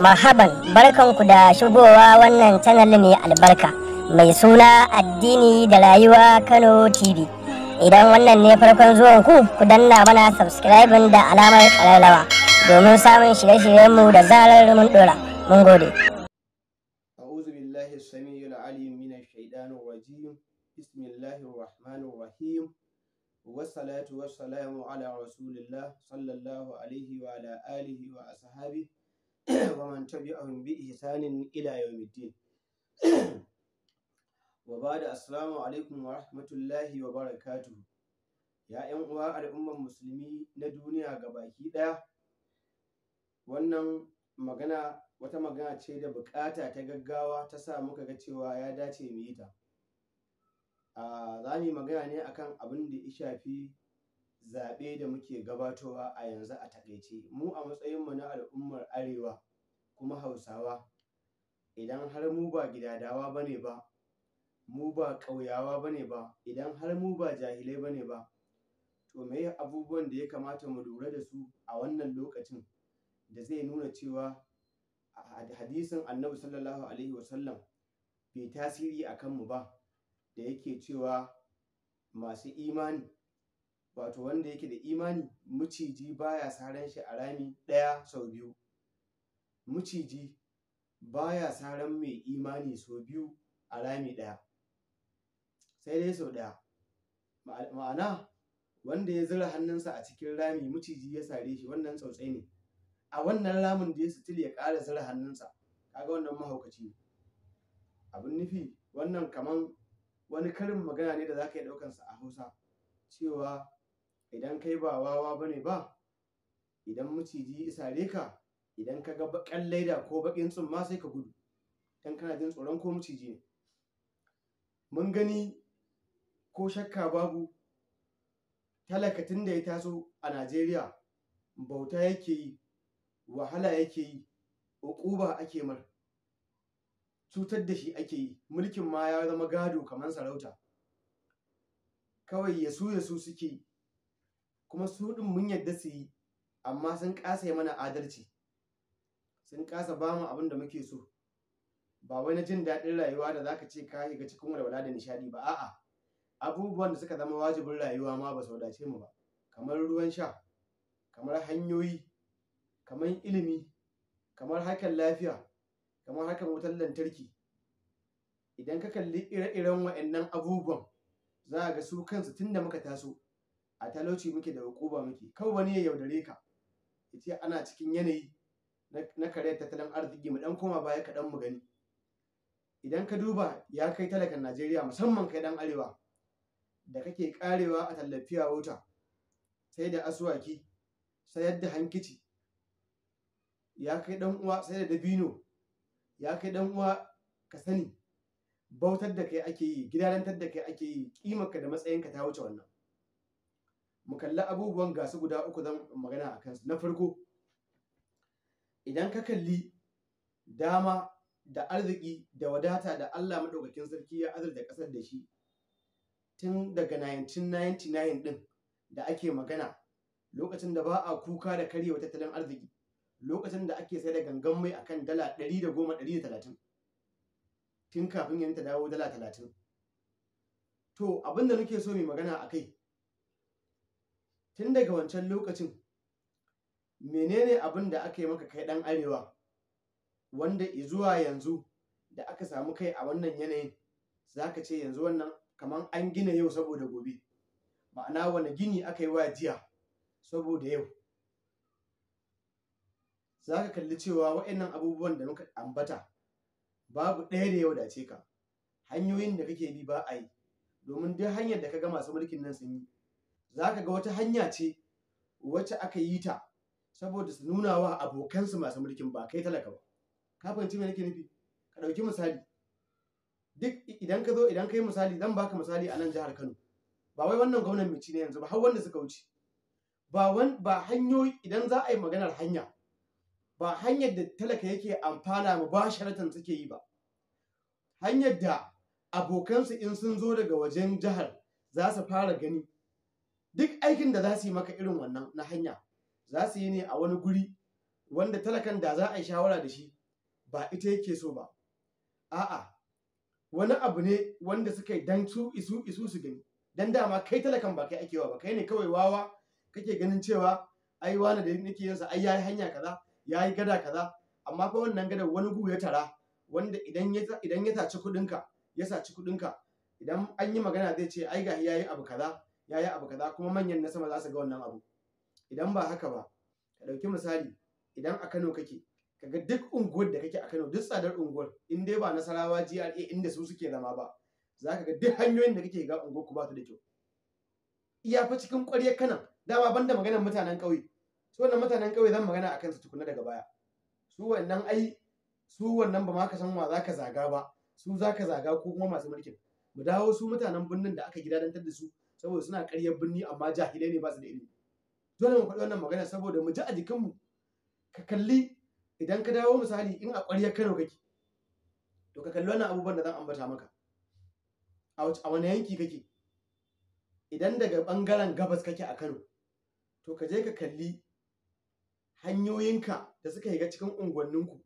Mahaban barkanku da shigowa wannan canal mai albarka mai suna addini da rayuwa Kano TV. Idan wannan ne farkon zuwan ku danna mana subscribe da alamar ƙararrawa domin samun shirye-shiryenmu da zarar mun dora. Mun gode. A'udhu billahi samiyul alim minash shaitanir wa Bismillahir rahmanir rahim. والصلاة ومن تبعهم بإحسان إلى يوم الدين وبعد السلام عليكم ورحمة wa barakatu! يا ‘yan uwa al'ummar musulmi na duniya ga baki ɗaya wannan magana wata magana ce da bukata ta gaggawa ta sa muka ga cewa ya dace mu yi ta ah, za mu magana ne akan abin da ya shafi zaɓe da muke gabatowa a yanzu a taƙaice mu a matsayinmu na al'ummar arewa kuma hausawa idan har mu ba gidadawa ba ne ba mu ba ƙauyawa ba ne ba idan har mu ba jahilai ba ne ba to me abubuwan da ya kamata mu lura da su a wannan lokacin da zai nuna cewa hadisin annabi sallallahu alaihi wasallam bai tasiri a kanmu ba da yake cewa masu imani wato wanda yake da imani maciji baya saran shi a rami ɗaya sau biyu muciji baya saran mai imani sau biyu a rami ɗaya sai dai sau ɗaya ma'ana wanda ya zira hannunsa a cikin rami muciji ya sare shi wannan tsautsai ne a wannan ramin da ya sutil ya ƙara zira hannunsa kaga wannan mahaukaci ne abin nufi wannan kaman wani karin magana ne da za ka yi ɗaukansa a hausa cewa idan kai ba wawa bane ba idan maciji isare ka idan ka ga bakan laida ko bakin tsumma sai ka gudu dan kana jin tsoron ko maciji ne mun gani ko shakka babu tun da ya taso a Najeriya bauta yake yi wahala yake yi uquba ake mar cutar da shi ake yi mulkin ma ya zama gado kamar sarauta kawai yasu yasu suke kuma su ɗin mun yadda su yi amma sun ƙasa yi mana adalci sun ƙasa ba mu abin da muke so ba wai na jin daɗin rayuwa da za ka ce ka ga cikin walwala da nishaɗi ba a'a abubuwan da suka zama wajibin rayuwa ma ba su wadace mu ba kamar ruwan sha kamar hanyoyi kamar ilimi kamar hakan lafiya kamar hakan wutar lantarki idan ka kalli ire-iren waɗannan abubuwan za a ga su kansu tun da muka taso a talauci muke da hukuba muke kawai wani ya yaudare ka Ita ana cikin yanayi na karyar tattalin arziki mu dan koma baya kaɗan mu gani idan ka duba ya kai talakan najeriya musamman kai dan arewa da kake karewa a tallafiya wuta sai da aswaki, sayar da hankici ya kai dan uwa sai da dabino ya kai dan uwa ka sani bautar da kai ake yi gidanantar da kai ake yi kimarka da matsayinka ta wuce wannan mu kalli abubuwan gasu guda uku zan magana a kansu na farko idan ka kalli dama da arziki da wadata da Allah maɗaukakin sarki ya azurta ƙasar da shi tun daga 1999 ɗin da ake magana lokacin da ba a kuka da karyewa tattalin arziki lokacin da ake sai da gangan mai akan dala 110-130 tun kafin yanta dawo dala 30 to abinda nake so mai magana a kai tun daga wancan lokacin menene abin da aka yi maka kai ɗan arewa wanda zuwa yanzu da aka samu kai a wannan yanayin za ka ce yanzu wannan kamar an gina yau saboda gobe ma'ana wani gini aka yi wa jiya saboda yau za ka kalli cewa waɗannan abubuwan da muka ambata babu ɗaya da yau dace ka hanyoyin da kake bi ba a yi domin duk hanyar da ka ga masu mulkin nan sun yi za ka ga wata hanya ce wacce aka yi ta saboda su nuna wa abokansu masu mulkin ba kai talaka ba ka fahimci me nake nufi ka ɗauki misali duk idan ka zo idan ka yi misali zan baka misali a nan jihar kano ba wai wannan gwamnan mai ci ne yanzu ba har wanda suka wuce ba wan hanyoyi idan za a yi maganar hanya ba hanyar da talaka yake amfana ma ba sharatan suke yi ba hanyar da abokansu in sun zo daga wajen jihar za su fara gani duk aikin da za su yi maka irin wannan na hanya za su yi ne a wani guri wanda talakan da za a yi shawara da shi ba ita yake so ba a'a wani abu ne wanda suka yi dan su isu isu su gani dan dama kai talakan ba kai ake wa ba kai ne kawai wawa kake ganin cewa ai wani da nake yin sa ai yayi hanya kaza yayi gada kaza amma fa wannan gada wani guri ya tara wanda idan ya idan ya taci ka ya saci ka idan an yi magana zai ce ai ga yayi abu kaza ya yi abu kaza kuma manyan na sama za su ga wannan abu idan ba haka ba ka ɗauki misali idan a Kano kake kaga duk unguwar da kake a Kano duk tsadar unguwar in dai ba Nasarawa GRA inda su suke zama ba za ka ga duk hanyoyin da kake ga unguwar ku ba su da kyau iya fa cikin ƙwarya kana dama banda maganar mutanen ƙauye su wannan mutanen ƙauye zan magana akan su tukuna daga baya su wannan ai su wannan ba ma ka san wa za ka zaga ba su za ka zaga ko kuma masu mulkin mu dawo su mutanen birnin da aka gidadantar da su saboda suna ƙaryar birni amma jahilai ne ba su da ilimi dole mu faɗi wannan magana saboda mu ji a jikinmu ka kalli idan ka dawo misali in a ƙwaryar kano kake to ka kalli wannan abubuwan da zan ambata maka a wani yanki kake idan daga ɓangaren gabas kake a kano to ka je ka kalli hanyoyinka da suka shiga cikin unguwanninku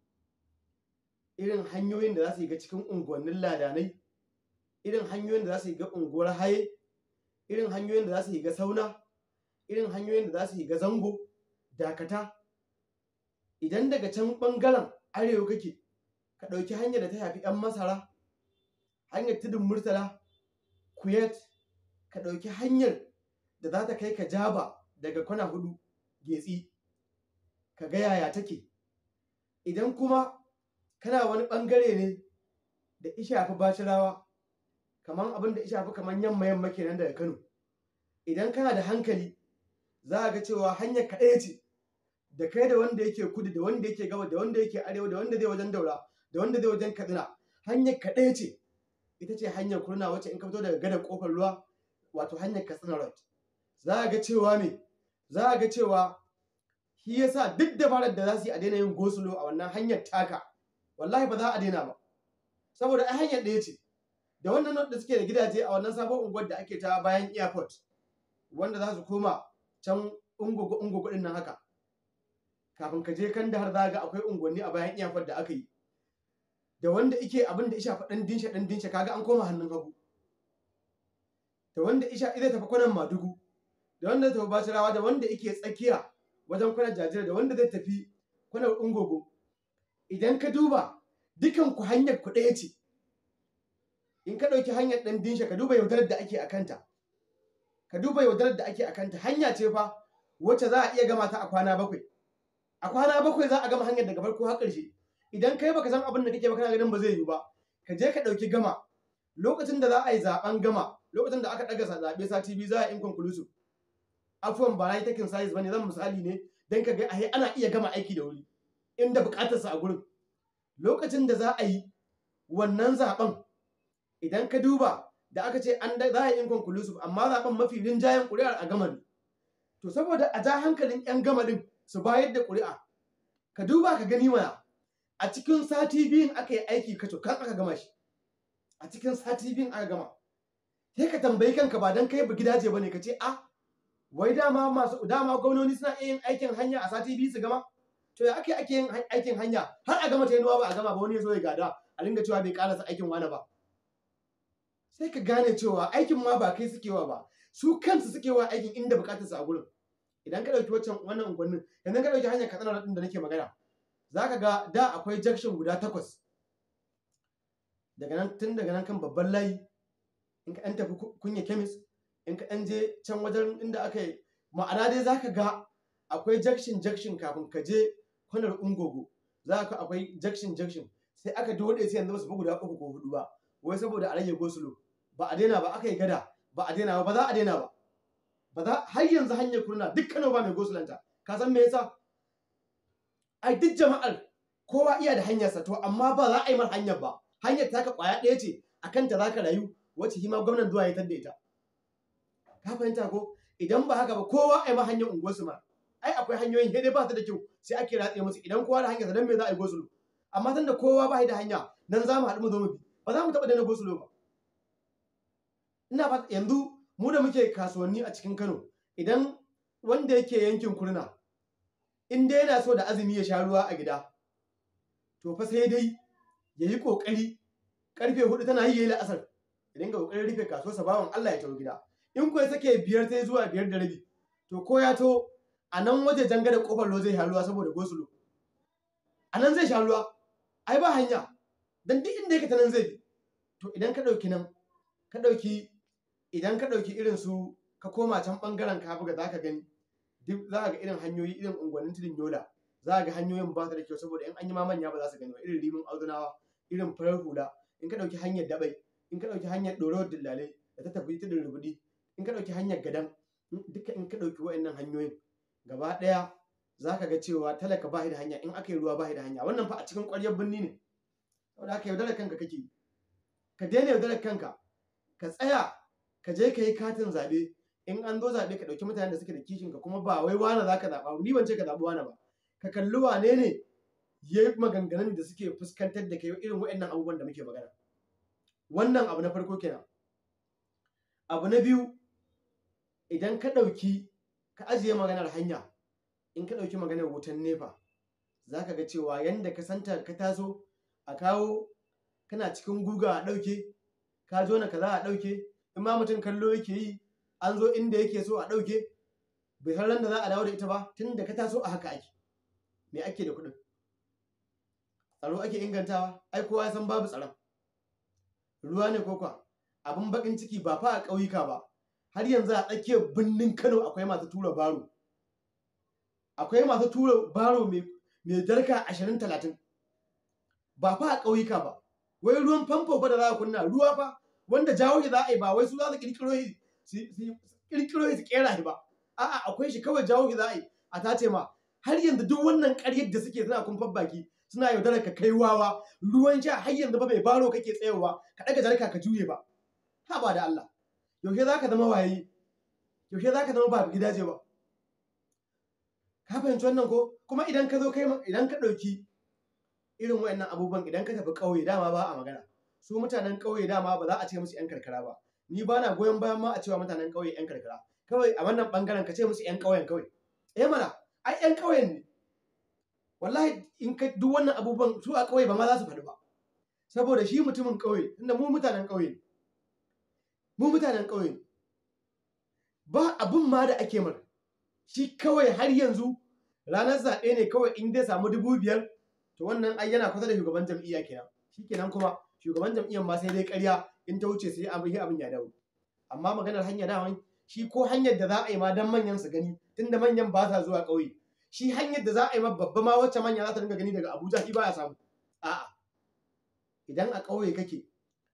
irin hanyoyin da za su shiga cikin unguwannin ladanai irin hanyoyin da za su shiga unguwar haye irin hanyoyin da za su yi ga sauna irin hanyoyin da za su yi ga zango dakata idan daga can ɓangaren arewa kake ka ɗauki hanyar da ta shafi 'yan masara hanyar tudun murtala Kuyat, ka ɗauki hanyar da za ta kai ka jaba daga kwana hudu getsi ka ga yaya take idan kuma kana wani ɓangare ne da ishafi bashirawa kamar abin da ya shafi kamar yamma yamma kenan daga Kano idan kana da hankali za ga cewa hanyar kaɗai ce da kai da wanda yake kudu da wanda yake gaba da wanda yake arewa da wanda zai wajen daura da wanda zai wajen kaduna hanya kaɗai ce ita ce hanyar kurna wacce in ka fito daga gadar kofar ruwa wato hanyar katsina road za ga cewa me za ga cewa shi yasa duk farar da za su yi a daina yin gosulo a wannan hanyar taka wallahi ba za a daina ba saboda a hanyar ɗaya ce da wannan da suke da gidaje a wannan sabon unguwar da ake ta bayan airport wanda za su koma can ungugu ungogo din nan haka kafin ka je kan dahar zaga akwai unguwanni a bayan airport da aka yi da wanda ike abin da isha faɗan dinsha ɗan dinsha kaga an koma hannun hagu da wanda isha idan tafi kwanan madugu da wanda tafi basirawa da wanda ike tsakiya wajen kwanan jajira da wanda zai tafi kwanan ungugu idan ka duba dukan ku hanyar ku ɗaya ce in ka ɗauki hanyar ɗan dinsha ka duba yaudarar da ake a kanta ka duba yaudarar da ake a kanta hanya ce fa wacce za a iya gama ta a kwana bakwai a kwana bakwai za a gama hanyar daga farko har ƙarshe idan kai baka san abin da kake ba kana ganin ba zai yi ba ka je ka ɗauki gama lokacin da za a yi zaben gama lokacin da aka ɗaga zaɓe sati biyu za a yi konkulusu. afuwan ba na yi takin size ne zan misali ne don ka ga ahe ana iya gama aiki da wuri inda buƙatarsa a gurin lokacin da za a yi wannan zaɓen. idan ka duba da aka ce an za a yi inconclusive amma zaben mafi rinjayen ƙuri'ar a gama ne to saboda a ja hankalin 'yan gama din su bayar da ƙuri'a ka duba ka gani mana a cikin sati biyun aka yi aiki kaco kan aka gama shi a cikin sati biyun aka gama sai ka tambayi kanka ba don kai ba gidaje ba ne ka ce a wai dama masu dama gwamnoni suna iya yin aikin hanya a sati biyu su gama to ya ake ake yin aikin hanya har a gama ta yi ba a gama ba wani ya zo ya gada a dinga cewa bai karasa aikin wani ba sai ka gane cewa aikin ma ba kai sukewa ba su kansu sukewa aikin inda bukatar su a gurin idan ka dauki waccan wannan unguwannin idan ka dauki hanyar katsina din da nake magana zaka ga da akwai junction guda takwas daga nan tun daga nan kan babban layi in ka ɗan tafi kunya kemis in ka ɗan je can wajen inda aka yi ma'ana dai zaka ga akwai jakshin jakshin kafin ka je kwanar ungogo za ka akwai jakshin jakshin sai aka dole sai yanzu ba su bugu da uku ko hudu ba wai saboda a rage gosulo ba a daina ba aka yi gada ba a daina ba ba za a daina ba ba za har yanzu hanyar kuruna dukkanin ba mai gosulanta ka san me yasa ai duk jama'ar kowa iya da hanyar sa to amma ba za a yi mar hanyar ba hanyar ta ka kwaya ɗaya ce akan ta zaka rayu wacce hima gwamnan zuwa ya tadda ita ka fahimta ko idan ba haka ba kowa a yi mar hanyar unguwarsu ma ai akwai hanyoyin dai ba su da kyau sai ake ratse musu idan kowa da hanyar sa don me za a yi gosulo amma tunda kowa ba da hanya nan za mu haɗu mu zo mu bi ba za mu taɓa daina gosulo ba ina ba yanzu mu da muke kasuwanni a cikin Kano idan wanda yake yankin kurna in dai yana so da azumi ya sha ruwa a gida to fa sai dai ya yi kokari karfe hudu tana yi yayi la'asar ya dinga kokarin rufe kasuwar sa bawan Allah ya tawo gida in ko ya sake biyar sai zuwa biyar da rabi to ko ya to a nan waje janga da kofar lo zai sha saboda gosulo a nan zai shaluwa? ai ba hanya dan duk inda yake ta nan zai bi to idan ka ɗauki nan ka dauki idan ka ɗauki irin su ka koma can ɓangaren ka buga za ka gani duk za ka ga irin hanyoyi irin unguwannin tudun yola za ka ga hanyoyin ba su da kyau saboda in an yi ma manya ba za su gani ba irin rimin audunawa irin farar hula in ka ɗauki hanyar dabai in ka ɗauki hanyar ɗorawar dillalai da ta tafi tudun rubudi in ka ɗauki hanyar gadan duka in ka ɗauki wa'annan hanyoyin gaba ɗaya za ka ga cewa talaka ba da hanya in aka yi ruwa ba da hanya wannan fa a cikin ƙwaryar birni ne saboda haka yaudarar kanka kake ka daina yaudarar kanka ka tsaya ka je ka yi katin zaɓe in an zo zaɓe ka ɗauki mutane da suke da kishin ka kuma ba wai wani za ka zaɓa ni ban ce ka zaɓi wani ba ka kalli wane ne ya yi maganganun da suke fuskantar da kai irin waɗannan abubuwan da muke magana wannan abu na farko kenan abu na biyu idan ka ɗauki ka ajiye maganar hanya in ka ɗauki maganar wutan nefa za ka ga cewa yadda ka santa ka taso a kawo kana cikin guga a ɗauke ka jona kaza a ɗauke in ma mutum kallo yake yi an zo inda yake so a ɗauke bai san ran da za a dawo da ita ba tun da ka taso a haka ake me ake da kuɗin tsaro ake ingantawa ai kowa ya san babu tsaron ruwa ne kokwa abin bakin ciki ba fa a ƙauyuka ba har yanzu a tsakiyar birnin kano akwai masu tura baro akwai masu tura baro mai darka ashirin talatin ba fa a ƙauyuka ba wai ruwan famfo ba da za a kunna ruwa fa wanda jawo shi za a yi ba wai su za su kirkiro shi su kera shi ba a'a akwai shi kawai jawo shi za a yi a ce ma har yanzu duk wannan karyar da suke suna kumfan baki suna yaudarar ka kai wawa ruwan sha har yanzu ba mai baro kake tsayawa ka ɗaga jarka ka juye ba ha ba da Allah yaushe za ka zama waye yaushe za ka zama ba gidaje ba ka fahimci wannan ko kuma idan ka zo kai idan ka ɗauki irin wayannan abubuwan idan ka tafi ƙauye dama ba a magana su mutanen ƙauye dama ba za a ce musu 'yan karkara ba ni ba na goyon bayan ma a cewa mutanen ƙauye 'yan karkara kawai a wannan bangaren ka ce musu 'yan ƙauyen kawai eh mana ai 'yan ƙauyen ne wallahi in ka duk wannan abubuwan su a ƙauye ba ma za su faɗi ba saboda shi mutumin ƙauye tunda mu mutanen ƙauye mu mutanen ƙauye ba abin ma da ake mana shi kawai har yanzu ranar zaɓe ne kawai in dai samu dubu biyar to wannan ai yana kusa da shugaban jam'iyya kenan shi kenan kuma shugaban jam'iyyar ma sai dai ƙarya in ta wuce sai abin abin ya dawo amma maganar hanya da shi ko hanyar da za a yi ma dan manyan su gani tunda manyan ba sa zuwa ƙauye shi hanyar da za a yi ma babba ma wacce manya za ta dinga gani daga Abuja shi baya samu a'a idan a ƙauye kake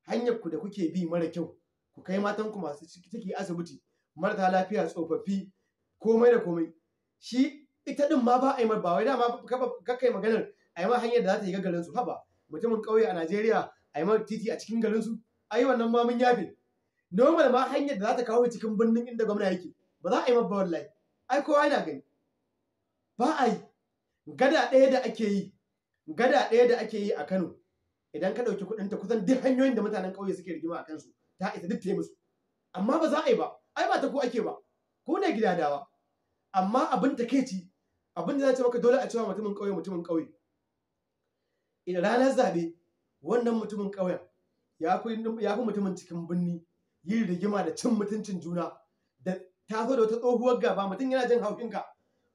hanyar ku da kuke bi mara kyau ku kai matan ku masu ciki asibiti Marta lafiya tsofaffi komai da komai shi ita din ma ba a yi ma ba wai dama kai maganar a yi ma hanyar da za ta yi gagarin su haba mutumin ƙauye a Najeriya a yi titi a cikin garinsu. su ai wannan ma mun yafe normal ma hanyar da za ta kawo cikin birnin inda gwamna yake ba za a yi mabba wallahi ai kowa yana gani ba a yi gada ɗaya da ake yi gada ɗaya da ake yi a Kano idan ka ɗauki kuɗin ta kusan duk hanyoyin da mutanen ƙauye suke rigima a kansu ta isa duk ta musu amma ba za a yi ba ai ba ta ko ake ba ko ne gida dawa amma abin ta kai ci abin da za ce maka dole a cewa mutumin ƙauye mutumin ƙauye idan ranar zabe wannan mutumin ƙauyen ya fi mutumin cikin birni da rigima da cin mutuncin juna da ta zo da wata tsohuwar gaba mutum yana jin haukinka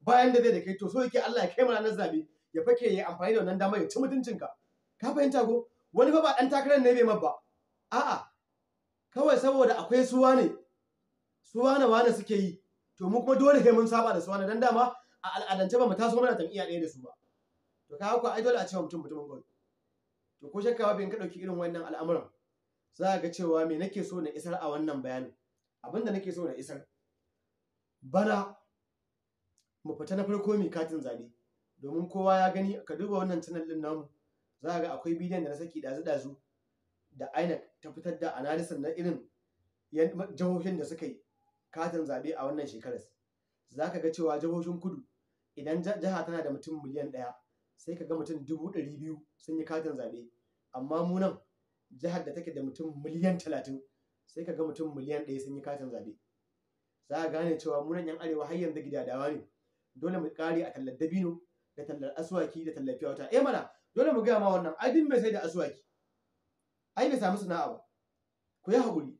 bayan da zai da kai to so yake Allah ya kai mana nan zabe ya fake ya amfani da wannan damar ya ci mutuncinka ka fahimta ko wani fa ba dan takarar ne bai ba a'a kawai saboda akwai suwa ne suwa na wane suke yi to mu kuma dole kai mun saba da suwa na dan dama a al'adance ba mu taso mana jam'iyya ɗaya da su ba to ta haka ai dole a ce mutum mutumin gobe to ko shakka bin ka ɗauki irin wannan al'amuran za ga cewa me nake so na isar a wannan bayanin abin da nake so na isar bana mu fita na farko mai katin zabe domin kowa ya gani ka duba wannan channel din namu za ga akwai bidiyon da na saki dazu dazu da INEC ta fitar da analysis na irin jihohin da suka yi katin zabe a wannan shekarar za ka ga cewa jihohin kudu idan jiha tana da mutum miliyan ɗaya sai ka ga mutum dubu ɗari biyu sun yi katin zaɓe amma mu nan jihar da take da mutum miliyan talatin sai ka ga mutum miliyan ɗaya sun yi katin zaɓe za a gane cewa mu nan yan arewa har yanzu gidadawa ne dole mu kare a tallar dabino da tallar asuwaki da tallar fiyauta eh mana dole mu gaya ma wannan ai duk mai sai da asuwaki ai bai samu sana'a ba ku yi haƙuri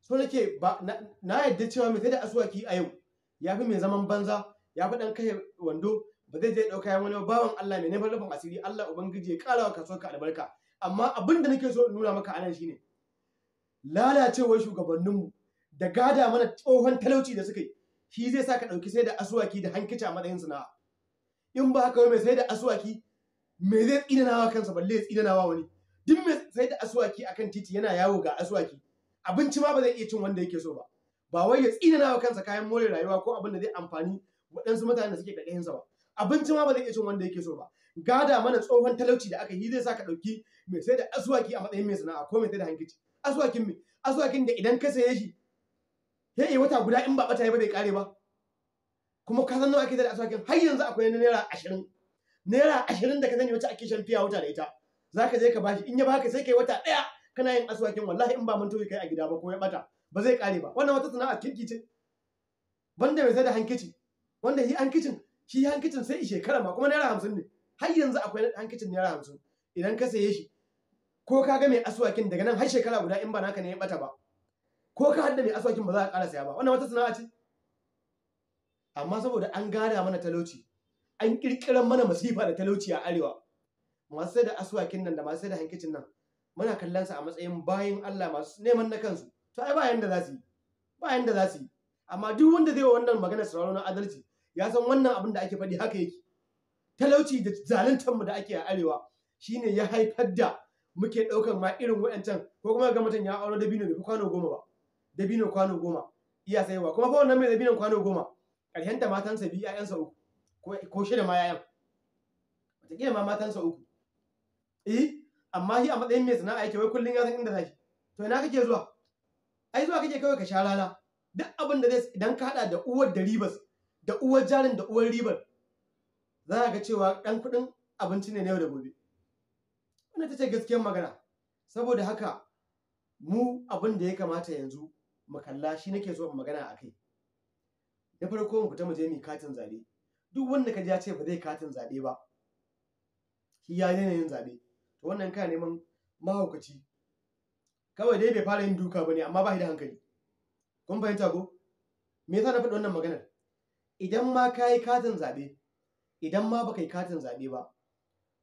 so nake ba na yadda cewa mai sai da asuwaki a yau ya fi mai zaman banza ya fi ɗan kai wando ba zai je ɗauka ya wani bawan Allah mai neman rufin asiri Allah ubangiji ya ƙara wa ka albarka amma abin da nake so in nuna maka anan shine lalacewar shugabanninmu da gada mana tsohon talauci da suka yi shi zai sa ka ɗauki sai da asuwaki da hankici a matsayin sana'a in ba haka mai sai da asuwaki me zai tsinanawa kansa balle ya tsinanawa wani duk mai sai da asuwaki akan titi yana yawo ga asuwaki abinci ma ba zai iya cin wanda yake so ba ba wai ya tsinanawa kansa kayan more rayuwa ko abin da zai amfani waɗansu mutanen da suke ƙarƙashinsa ba abinci ma ba zai iya cin wanda yake so ba gada mana tsohon talauci da aka yi zai sa ka ɗauki mai sai da asuwaki a matsayin mai sana'a ko mai sai da hankici asuwakin mai asuwakin da idan ka saye shi ya yi eh, wata guda in ba bata ya ba bai kare ba kuma ka san nawa ake da asuwakin har yanzu akwai naira ashirin naira ashirin da ka sani wata ake shan fiya wata da ita za ka je ka bashi in ya baka sai kai wata ɗaya kana yin aswakin. wallahi in ba mantoyi kai a gida ba ko ya bata ba zai kare ba wannan wata sana'a kirki ce banda mai sai da hankici wanda yi hankicin shi hankicin sai shekara ma kuma naira hamsin ne har yanzu akwai hankicin naira hamsin idan ka saye shi ko ka ga mai asuwakin daga nan har shekara guda in ba naka ne ya bata ba ko ka hadda mai aswakin ba za ka ƙara saya ba wannan wata sana'a ce amma saboda an gada mana talauci an kirkiran mana masifa da talauci a arewa masu sai da asuwakin nan da masu sai da hankicin nan muna kallon sa a matsayin bayan Allah masu neman na kansu to ai ba yanda za su yi ba yanda za su yi amma duk wanda zai wa wannan magana sauraro na adalci ya san wannan abin da ake faɗi haka yake talauci da zaluntar mu da ake a arewa shine ya haifar da muke ɗaukar ma irin waɗancan ko kuma ga mutum ya auro dabino bai kwano goma ba dabino kwano goma iya sayarwa kuma fa wannan mai dabinon kwano goma ƙarshenta matansa biyu ƴaƴansa uku ko shida ma ƴaƴan wataƙila ma matansa uku eh amma shi a matsayin mai sana'a yake wai kullum ya san inda tashi to ina kake zuwa ai zuwa kake kawai ka sha rana duk abin da zai idan ka hada da uwar da ribas da uwar jarin da uwar ribar za a ga cewa ɗan kuɗin abinci ne na yau da gobe wannan ta ce gaskiyar magana saboda haka mu abin da ya kamata yanzu makalla shi nake so magana a kai Da farko mu fita mu je mu katin zabe duk wanda ka ji ya ce ba zai katin zabe ba shi ya yanayin zabe to wannan kana neman mahaukaci kawai dai bai fara yin duka ba ne amma ba shi da hankali kun fahimta ko me yasa na faɗi wannan maganar idan ma ka yi katin zaɓe idan ma baka yi katin zaɓe ba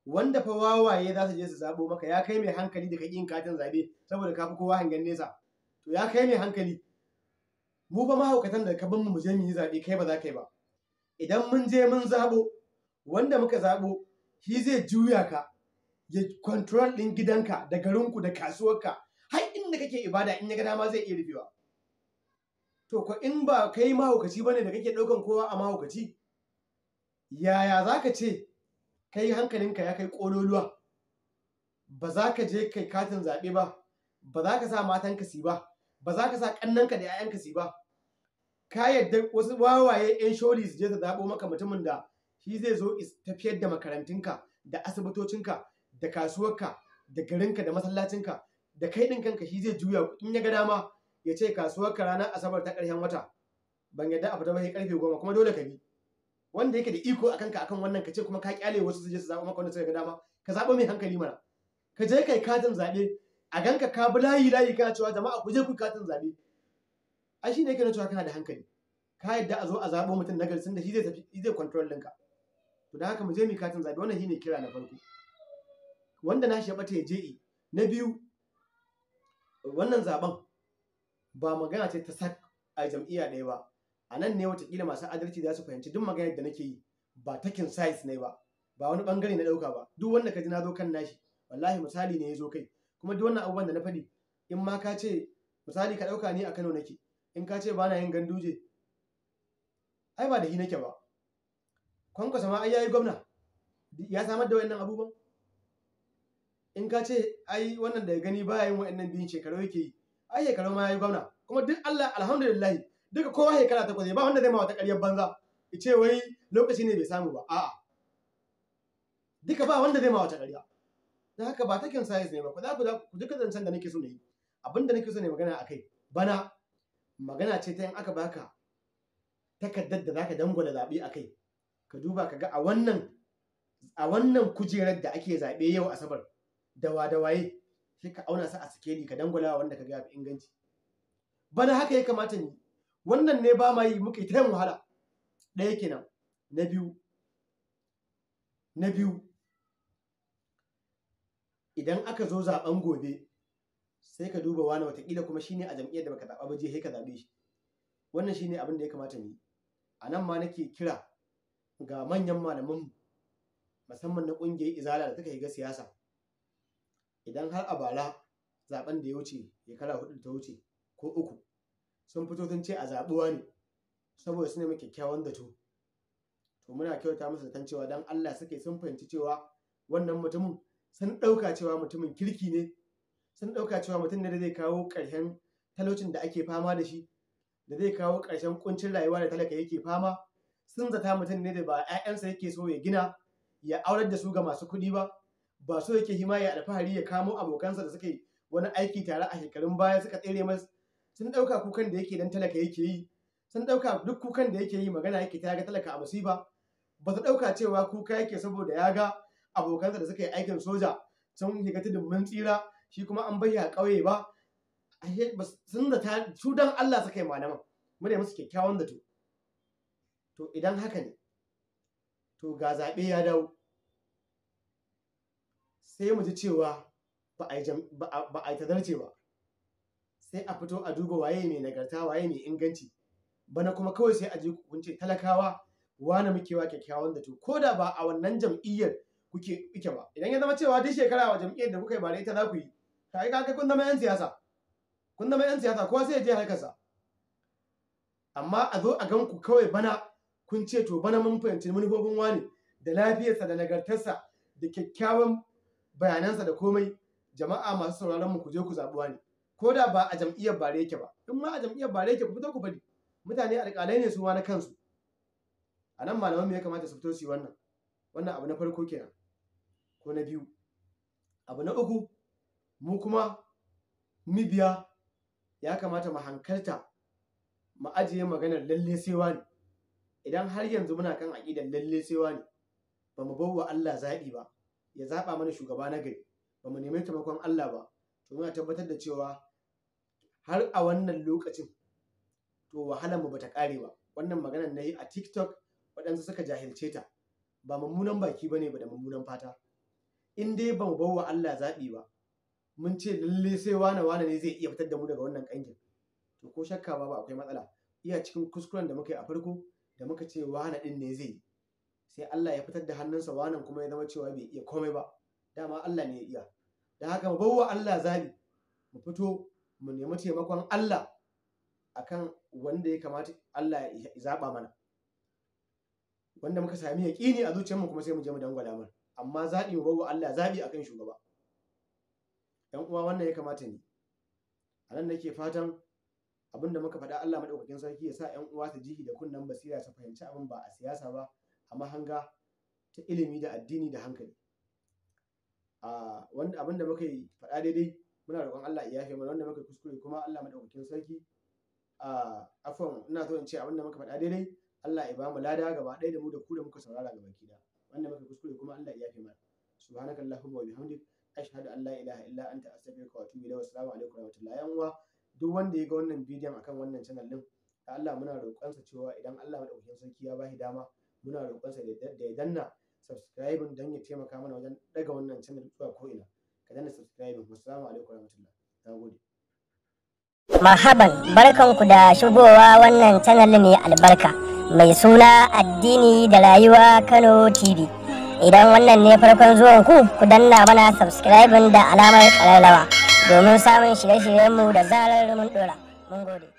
wanda fa wawaye za su je su zaɓo maka ya kai mai hankali da yin katin zaɓe saboda ka fi kowa hangen nesa to ya kai mai hankali mu ba mahaukatan da ka mu mu je mu yi zaɓe kai ba za ka yi ba idan mun je mun zaɓo wanda muka zaɓo shi zai juya ka ya control ɗin gidanka da garinku da kasuwarka har inda kake ibada in ya ga dama zai iya rufewa to ko in ba kai mahaukaci bane da kake ɗaukan kowa a mahaukaci yaya zaka ce kai hankalinka ya kai kololuwa ba za ka je kai katin zaɓe ba ba za ka sa matanka si ba ba za ka sa ƙannanka da 'ya'yanka si ba ka yadda wasu wawaye 'yan shori su je su zaɓo maka mutumin da shi zai zo tafiyar da makarantunka da asibitocinka da kasuwarka da garinka da masallacin ka, da kai ɗin kanka shi zai juya in ya ga dama ya ce kasuwar ka ranar asabar ta ƙarshen wata ban yadda a fita ba sai karfe goma kuma dole ka bi wanda yake da iko akan ka akan wannan ka ce kuma ka kyale wasu su je su zaɓa maka wanda suka ga dama ka zaɓa mai hankali mana ka je kai katin zaɓe a ganka ka bi layi layi kana cewa jama'a ku je ku katin zaɓe shi ne yake na cewa kana da hankali ka yadda a zo a zaɓo mutum na garsin da shi zai tafi zai control ɗinka to da haka mu je mu katin zaɓe wannan shine kira na farko wanda na shi ya ɓata ya je na biyu wannan zaɓen ba magana ce ta sak a jam'iyya ɗaya ba a nan ne watakila masu adalci za su fahimci duk maganar da nake yi ba takin size ne ba ba wani bangare na ɗauka ba duk wanda ka ji na zo kan nashi wallahi misali ne ya zo kai kuma duk wannan abubuwan da na faɗi in ma ka ce misali ka ɗauka ni a kano nake in ka ce ba na yin ganduje ai ba da hi nake ba kwankwasa ma ai yayi gwamna ya samar da wannan abubuwan in ka ce ai wannan da ya gani baya yin wa'annan biyun shekaru yake yi ai shekaru ma yayi gwamna kuma duk Allah alhamdulillah duka kowa shekara kwaje ba wanda zai ma wata ƙaryar banza ce wai lokaci ne bai samu ba a'a duka ba wanda zai ma wata ƙarya dan haka ba taken science ne ba ku za ku ku duka zancan da nake so ne abinda nake so ne magana akai bana magana ce ta in aka baka takardar da zaka dangwala zaɓe akai ka duba ka ga a wannan a wannan kujerar da ake zaɓe yau asabar dawa da sai ka auna sa a sikeri ka dangwala wanda ka ga fi inganci bana haka ya kamata ni wannan ne ba ma yi muke ta yin wahala ɗaya kenan na biyu na biyu idan aka zo zaben gobe sai ka duba wani watakila kuma shine a jam'iyyar da baka zaɓa ba je sai ka zaɓe shi wannan shine abin da ya kamata ni a nan ma nake kira ga manyan malaman musamman na ƙungiyar izala da suka ga siyasa idan har a bara zaben da ya wuce shekara hudu ta wuce ko uku sun fito sun ce a zaɓuwa ne saboda su nemi kyakkyawan zato to muna kyauta musu zaton cewa dan Allah suke sun fahimci cewa wannan mutumin sun ɗauka cewa mutumin kirki ne sun ɗauka cewa mutum ne da zai kawo ƙarshen talaucin da ake fama da shi da zai kawo ƙarshen kuncin rayuwa da talaka yake fama sun zata mutum ne da ba 'ya'yansa yake so ya gina ya aurar da su ga masu kuɗi ba ba so yake hima ya alfahari ya kamo abokansa da suke wani aiki tare a shekarun baya suka tsere masa sun ɗauka kukan da yake dan talaka yake yi sun ɗauka duk kukan da yake yi magana yake ta ga talaka a musiba ba su ɗauka cewa kuka yake saboda ya ga abokansa da suka yi aikin soja sun shiga ta mun tsira shi kuma an a ƙauye ba sun da su dan Allah suka yi malaman ne musu kyakkyawan zato to idan haka ne to ga zaɓe ya dawo sai mu ji cewa ba a yi tadarce ba sai a fito a duba waye mai nagarta waye mai inganci bana kuma kawai sai a je kunce talakawa wani muke wa kyakkyawan da to ko da ba a wannan jam'iyyar kuke ike ba idan ya zama cewa duk shekara wa jam'iyyar da kuka yi ba da ita za ku yi kai kaga kun zama yan siyasa kun zama yan siyasa kowa sai ya je harkarsa amma a zo a gan ku kawai bana kun ce to bana mun fahimci manufofin wani da lafiyarsa da nagartarsa da kyakkyawan bayanansa da komai jama'a masu sauraron mu ku je ku zabuwa ne. ko da ba a jam'iyyar bare yake ba in ma a jam'iyyar bare yake ku fito ku bari mutane alƙalai ne su ma na kansu a nan malaman ya kamata su fito su yi wannan wannan abu na farko kenan ko na biyu abu na uku mu kuma mibiya ya kamata mu hankalta mu ajiye maganar lalle sewa ne idan har yanzu muna kan aƙidar lalle sewa ne ba mu bawa Allah zaɓi ba ya zaɓa mana shugaba na gari ba mu nemi taimakon Allah ba to muna tabbatar da cewa har a wannan lokacin to wahalar mu bata kare ba wannan maganar na yi a TikTok waɗansu suka jahilce ta ba mummunan baki bane ba da mummunan fata in dai ba mu bawa Allah zaɓi ba mun ce lalle sai wane wane ne zai iya fitar da mu daga wannan ƙangin to ko shakka ba ba akwai matsala iya cikin kuskuren da muka yi a farko da muka ce wane ɗin ne zai yi sai Allah ya fitar da hannunsa wannan kuma ya zama cewa bai iya komai ba dama Allah ne ya iya da haka mu bawa Allah zabi mu fito mu nemi taimakon Allah akan wanda ya kamata Allah ya zaba mana wanda muka sami yaqini a zuciyarmu kuma sai mu je mu dangwala mana amma zabi mu bawa Allah zabi akan shugaba dan uwa wannan ya kamata ne a nan nake fatan abinda muka faɗa Allah maɗaukakin sarki ya sa ƴan uwa su jihi da kunnen basira su fahimci abin ba a siyasa ba a mahanga ta ilimi da addini da hankali wanda abinda muka yi faɗa daidai muna roƙon Allah ya yafe mana wanda muka kuskure kuma Allah madaukakin sarki afwan ina so in ce abinda muka faɗa daidai Allah ya ba mu lada gaba ɗaya da mu da ku da muka saurara gaba ki da wanda muka kuskure kuma Allah ya yafe mana subhanakallahumma wa bihamdik ashhadu an la ilaha illa anta astaghfiruka wa atubu ilayk wa assalamu alaikum wa rahmatullahi wa duk wanda ya ga wannan bidiyon akan wannan channel din Allah muna roƙonsa cewa idan Allah madaukakin sarki ya bashi dama muna roƙonsa da ya danna subscribing don ya taimaka mana wajen daga wannan channel zuwa ko'ina ka danna subscribing wassalamu alaikum warahmatullah nagode marhaban ku da shigowa wannan channel mai albarka mai suna addini da rayuwa kano tv idan wannan ne farkon zuwan ku ku danna mana subscribing da alamar ƙararrawa domin samun shirye-shiryenmu da zarar mun dora mun gode